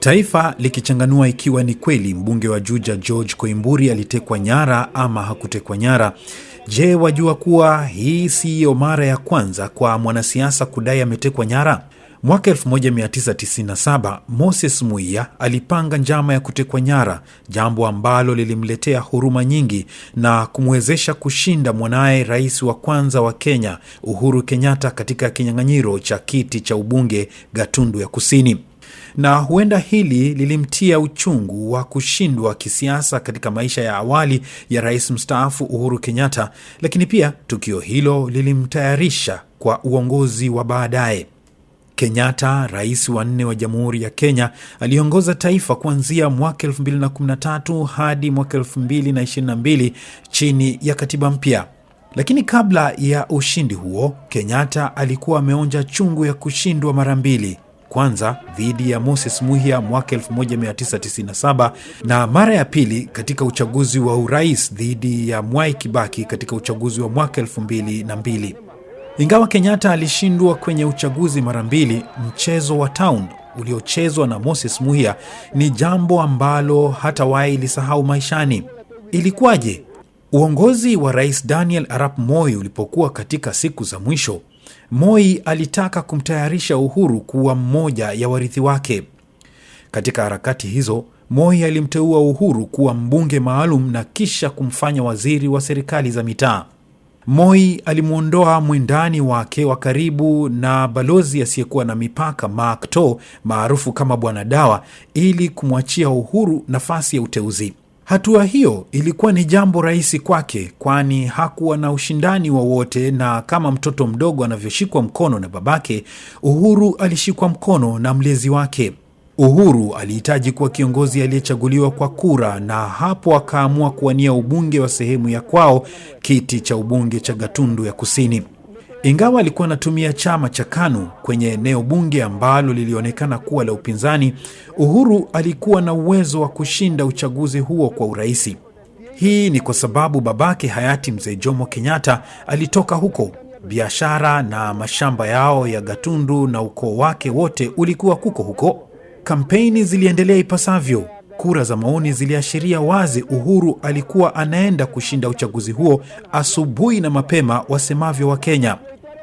Taifa likichanganua ikiwa ni kweli mbunge wa Juja George Koimburi alitekwa nyara ama hakutekwa nyara. Je, wajua kuwa hii siyo mara ya kwanza kwa mwanasiasa kudai ametekwa nyara? Mwaka 1997 Moses muiya alipanga njama ya kutekwa nyara, jambo ambalo lilimletea huruma nyingi na kumwezesha kushinda mwanaye rais wa kwanza wa Kenya Uhuru Kenyatta katika kinyang'anyiro cha kiti cha ubunge Gatundu ya Kusini na huenda hili lilimtia uchungu wa kushindwa kisiasa katika maisha ya awali ya rais mstaafu Uhuru Kenyatta, lakini pia tukio hilo lilimtayarisha kwa uongozi wa baadaye. Kenyatta, rais wa nne wa Jamhuri ya Kenya, aliongoza taifa kuanzia mwaka 2013 hadi mwaka 2022 chini ya katiba mpya. Lakini kabla ya ushindi huo, Kenyatta alikuwa ameonja chungu ya kushindwa mara mbili kwanza dhidi ya Moses Muhia mwaka 1997 na mara ya pili katika uchaguzi wa urais dhidi ya Mwai Kibaki katika uchaguzi wa mwaka 2002. Ingawa Kenyatta alishindwa kwenye uchaguzi mara mbili, mchezo wa town uliochezwa na Moses Muhia ni jambo ambalo wai lisahau maishani. Ilikuwaje? Uongozi wa Rais Daniel Arap Moi ulipokuwa katika siku za mwisho Moi alitaka kumtayarisha Uhuru kuwa mmoja ya warithi wake. Katika harakati hizo, Moi alimteua Uhuru kuwa mbunge maalum na kisha kumfanya waziri wa serikali za mitaa. Moi alimwondoa mwindani wake wa karibu na balozi asiyekuwa na mipaka Mark maarufu kama Bwana Dawa ili kumwachia Uhuru nafasi ya uteuzi. Hatua hiyo ilikuwa ni jambo rahisi kwake, kwani hakuwa na ushindani wowote, na kama mtoto mdogo anavyoshikwa mkono na babake, Uhuru alishikwa mkono na mlezi wake. Uhuru alihitaji kuwa kiongozi aliyechaguliwa kwa kura, na hapo akaamua kuwania ubunge wa sehemu ya kwao, kiti cha ubunge cha Gatundu ya Kusini. Ingawa alikuwa anatumia chama cha KANU kwenye eneo bunge ambalo lilionekana kuwa la upinzani, Uhuru alikuwa na uwezo wa kushinda uchaguzi huo kwa urahisi. Hii ni kwa sababu babake hayati Mzee Jomo Kenyatta alitoka huko. Biashara na mashamba yao ya Gatundu na ukoo wake wote ulikuwa kuko huko. Kampeni ziliendelea ipasavyo. Kura za maoni ziliashiria wazi Uhuru alikuwa anaenda kushinda uchaguzi huo asubuhi na mapema, wasemavyo wa kenya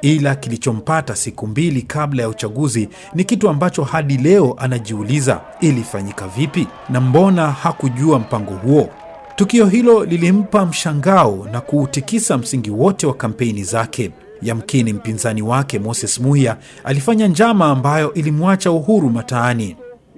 Ila kilichompata siku mbili kabla ya uchaguzi ni kitu ambacho hadi leo anajiuliza, ilifanyika vipi na mbona hakujua mpango huo? Tukio hilo lilimpa mshangao na kuutikisa msingi wote wa kampeni zake. Yamkini mpinzani wake Moses Muya alifanya njama ambayo ilimwacha Uhuru mataani.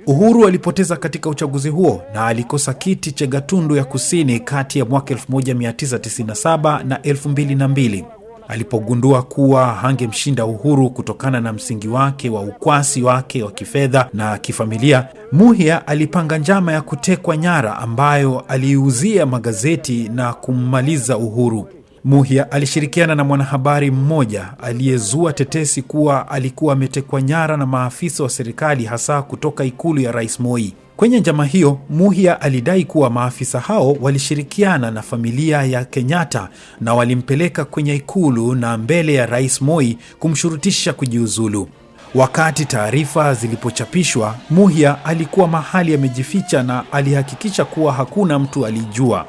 Uhuru alipoteza katika uchaguzi huo na alikosa kiti Chegatundu ya kusini kati ya mwaka 1997 na 2002 alipogundua kuwa hangemshinda Uhuru kutokana na msingi wake wa ukwasi wake wa kifedha na kifamilia. Muhia alipanga njama ya kutekwa nyara ambayo aliiuzia magazeti na kummaliza Uhuru. Muhia alishirikiana na mwanahabari mmoja aliyezua tetesi kuwa alikuwa ametekwa nyara na maafisa wa serikali hasa kutoka ikulu ya Rais Moi. Kwenye njama hiyo, Muhia alidai kuwa maafisa hao walishirikiana na familia ya Kenyatta na walimpeleka kwenye ikulu na mbele ya Rais Moi kumshurutisha kujiuzulu. Wakati taarifa zilipochapishwa, Muhia alikuwa mahali amejificha na alihakikisha kuwa hakuna mtu alijua.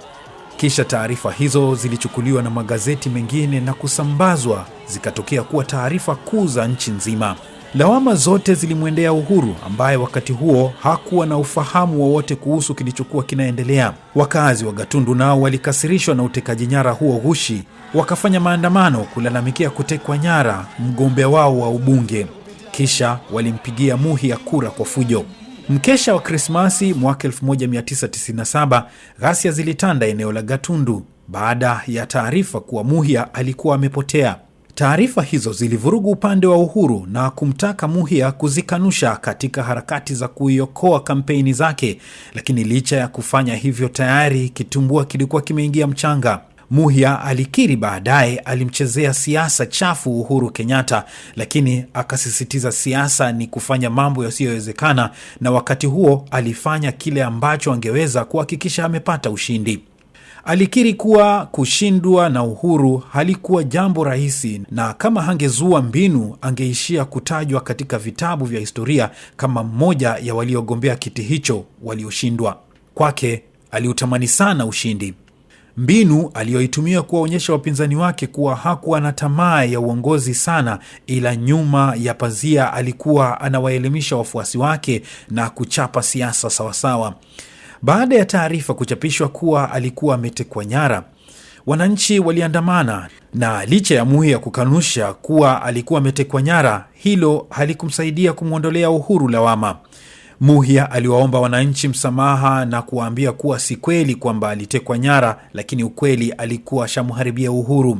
Kisha taarifa hizo zilichukuliwa na magazeti mengine na kusambazwa, zikatokea kuwa taarifa kuu za nchi nzima. Lawama zote zilimwendea Uhuru ambaye wakati huo hakuwa na ufahamu wowote kuhusu kilichokuwa kinaendelea. Wakazi wa Gatundu nao walikasirishwa na utekaji nyara huo ghushi, wakafanya maandamano kulalamikia kutekwa nyara mgombea wao wa ubunge, kisha walimpigia Muhi ya kura kwa fujo. Mkesha wa Krismasi mwaka 1997 ghasia zilitanda eneo la Gatundu baada ya taarifa kuwa Muhia alikuwa amepotea. Taarifa hizo zilivurugu upande wa Uhuru na kumtaka Muhia kuzikanusha katika harakati za kuiokoa kampeni zake, lakini licha ya kufanya hivyo, tayari kitumbua kilikuwa kimeingia mchanga. Muhia alikiri baadaye alimchezea siasa chafu Uhuru Kenyatta, lakini akasisitiza siasa ni kufanya mambo yasiyowezekana, na wakati huo alifanya kile ambacho angeweza kuhakikisha amepata ushindi. Alikiri kuwa kushindwa na uhuru halikuwa jambo rahisi, na kama hangezua mbinu angeishia kutajwa katika vitabu vya historia kama mmoja ya waliogombea kiti hicho walioshindwa. Kwake aliutamani sana ushindi. Mbinu aliyoitumia kuwaonyesha wapinzani wake kuwa hakuwa na tamaa ya uongozi sana, ila nyuma ya pazia alikuwa anawaelimisha wafuasi wake na kuchapa siasa sawasawa. Baada ya taarifa kuchapishwa kuwa alikuwa ametekwa nyara, wananchi waliandamana, na licha ya Muhia kukanusha kuwa alikuwa ametekwa nyara, hilo halikumsaidia kumwondolea Uhuru lawama. muhya aliwaomba wananchi msamaha na kuwaambia kuwa si kweli kwamba alitekwa nyara, lakini ukweli alikuwa ashamharibia Uhuru.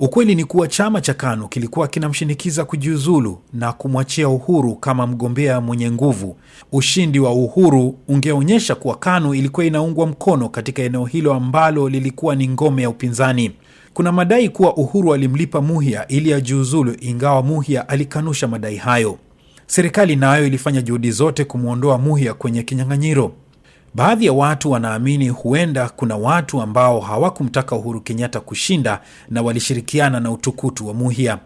Ukweli ni kuwa chama cha KANU kilikuwa kinamshinikiza kujiuzulu na kumwachia Uhuru kama mgombea mwenye nguvu. Ushindi wa Uhuru ungeonyesha kuwa KANU ilikuwa inaungwa mkono katika eneo hilo ambalo lilikuwa ni ngome ya upinzani. Kuna madai kuwa Uhuru alimlipa Muhia ili ajiuzulu, ingawa Muhia alikanusha madai hayo. Serikali nayo ilifanya juhudi zote kumwondoa Muhia kwenye kinyang'anyiro. Baadhi ya watu wanaamini huenda kuna watu ambao hawakumtaka Uhuru Kenyatta kushinda na walishirikiana na utukutu wa Muhia.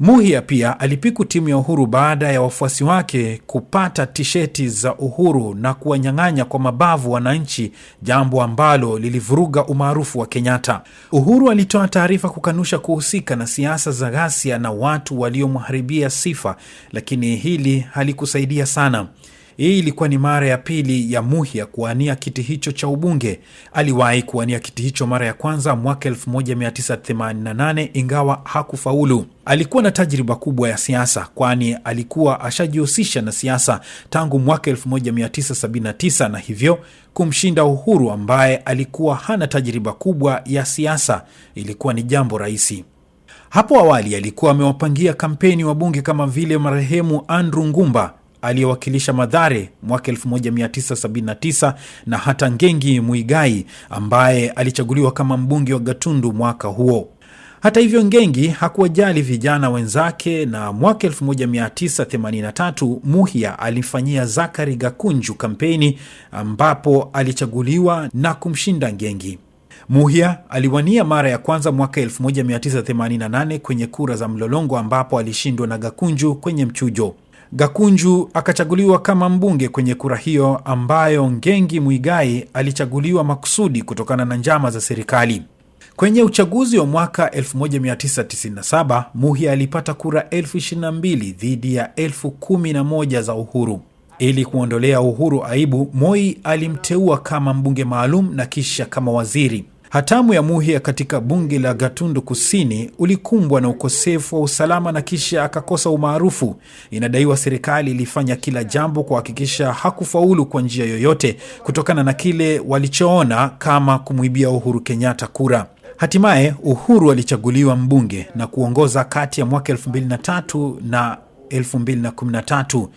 Muhia pia alipiku timu ya Uhuru baada ya wafuasi wake kupata tisheti za Uhuru na kuwanyang'anya kwa mabavu wananchi, jambo ambalo lilivuruga umaarufu wa Kenyatta. Uhuru alitoa taarifa kukanusha kuhusika na siasa za ghasia na watu waliomharibia sifa, lakini hili halikusaidia sana. Hii ilikuwa ni mara ya pili ya ya kuwania kiti hicho cha ubunge. Aliwahi kuwania kiti hicho mara ya kwanza mwaka 1988 ingawa hakufaulu. Alikuwa na tajriba kubwa ya siasa, kwani alikuwa ashajihusisha na siasa tangu mwaka 1979 na hivyo kumshinda Uhuru ambaye alikuwa hana tajriba kubwa ya siasa ilikuwa ni jambo rahisi. Hapo awali alikuwa amewapangia kampeni wabunge kama vile marehemu Andrew Ngumba aliyewakilisha Madhare mwaka 1979 na hata Ngengi Muigai ambaye alichaguliwa kama mbunge wa Gatundu mwaka huo. Hata hivyo Ngengi hakuwajali vijana wenzake, na mwaka 1983 Muhia alimfanyia Zakari Gakunju kampeni ambapo alichaguliwa na kumshinda Ngengi. Muhia aliwania mara ya kwanza mwaka 1988 kwenye kura za mlolongo ambapo alishindwa na Gakunju kwenye mchujo. Gakunju akachaguliwa kama mbunge kwenye kura hiyo ambayo Ngengi mwigai alichaguliwa makusudi kutokana na njama za serikali. Kwenye uchaguzi wa mwaka 1997 Muhi alipata kura 22 dhidi ya 11 za Uhuru. Ili kuondolea Uhuru aibu, Moi alimteua kama mbunge maalum na kisha kama waziri. Hatamu ya Muhia katika bunge la Gatundu Kusini ulikumbwa na ukosefu wa usalama na kisha akakosa umaarufu. Inadaiwa serikali ilifanya kila jambo kuhakikisha hakufaulu kwa njia yoyote, kutokana na kile walichoona kama kumwibia Uhuru Kenyatta kura. Hatimaye Uhuru alichaguliwa mbunge na kuongoza kati ya mwaka 2003 na 2013.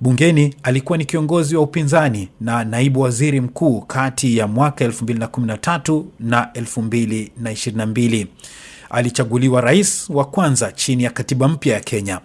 Bungeni alikuwa ni kiongozi wa upinzani na naibu waziri mkuu kati ya mwaka 2013 na 2022. Alichaguliwa rais wa kwanza chini ya katiba mpya ya Kenya.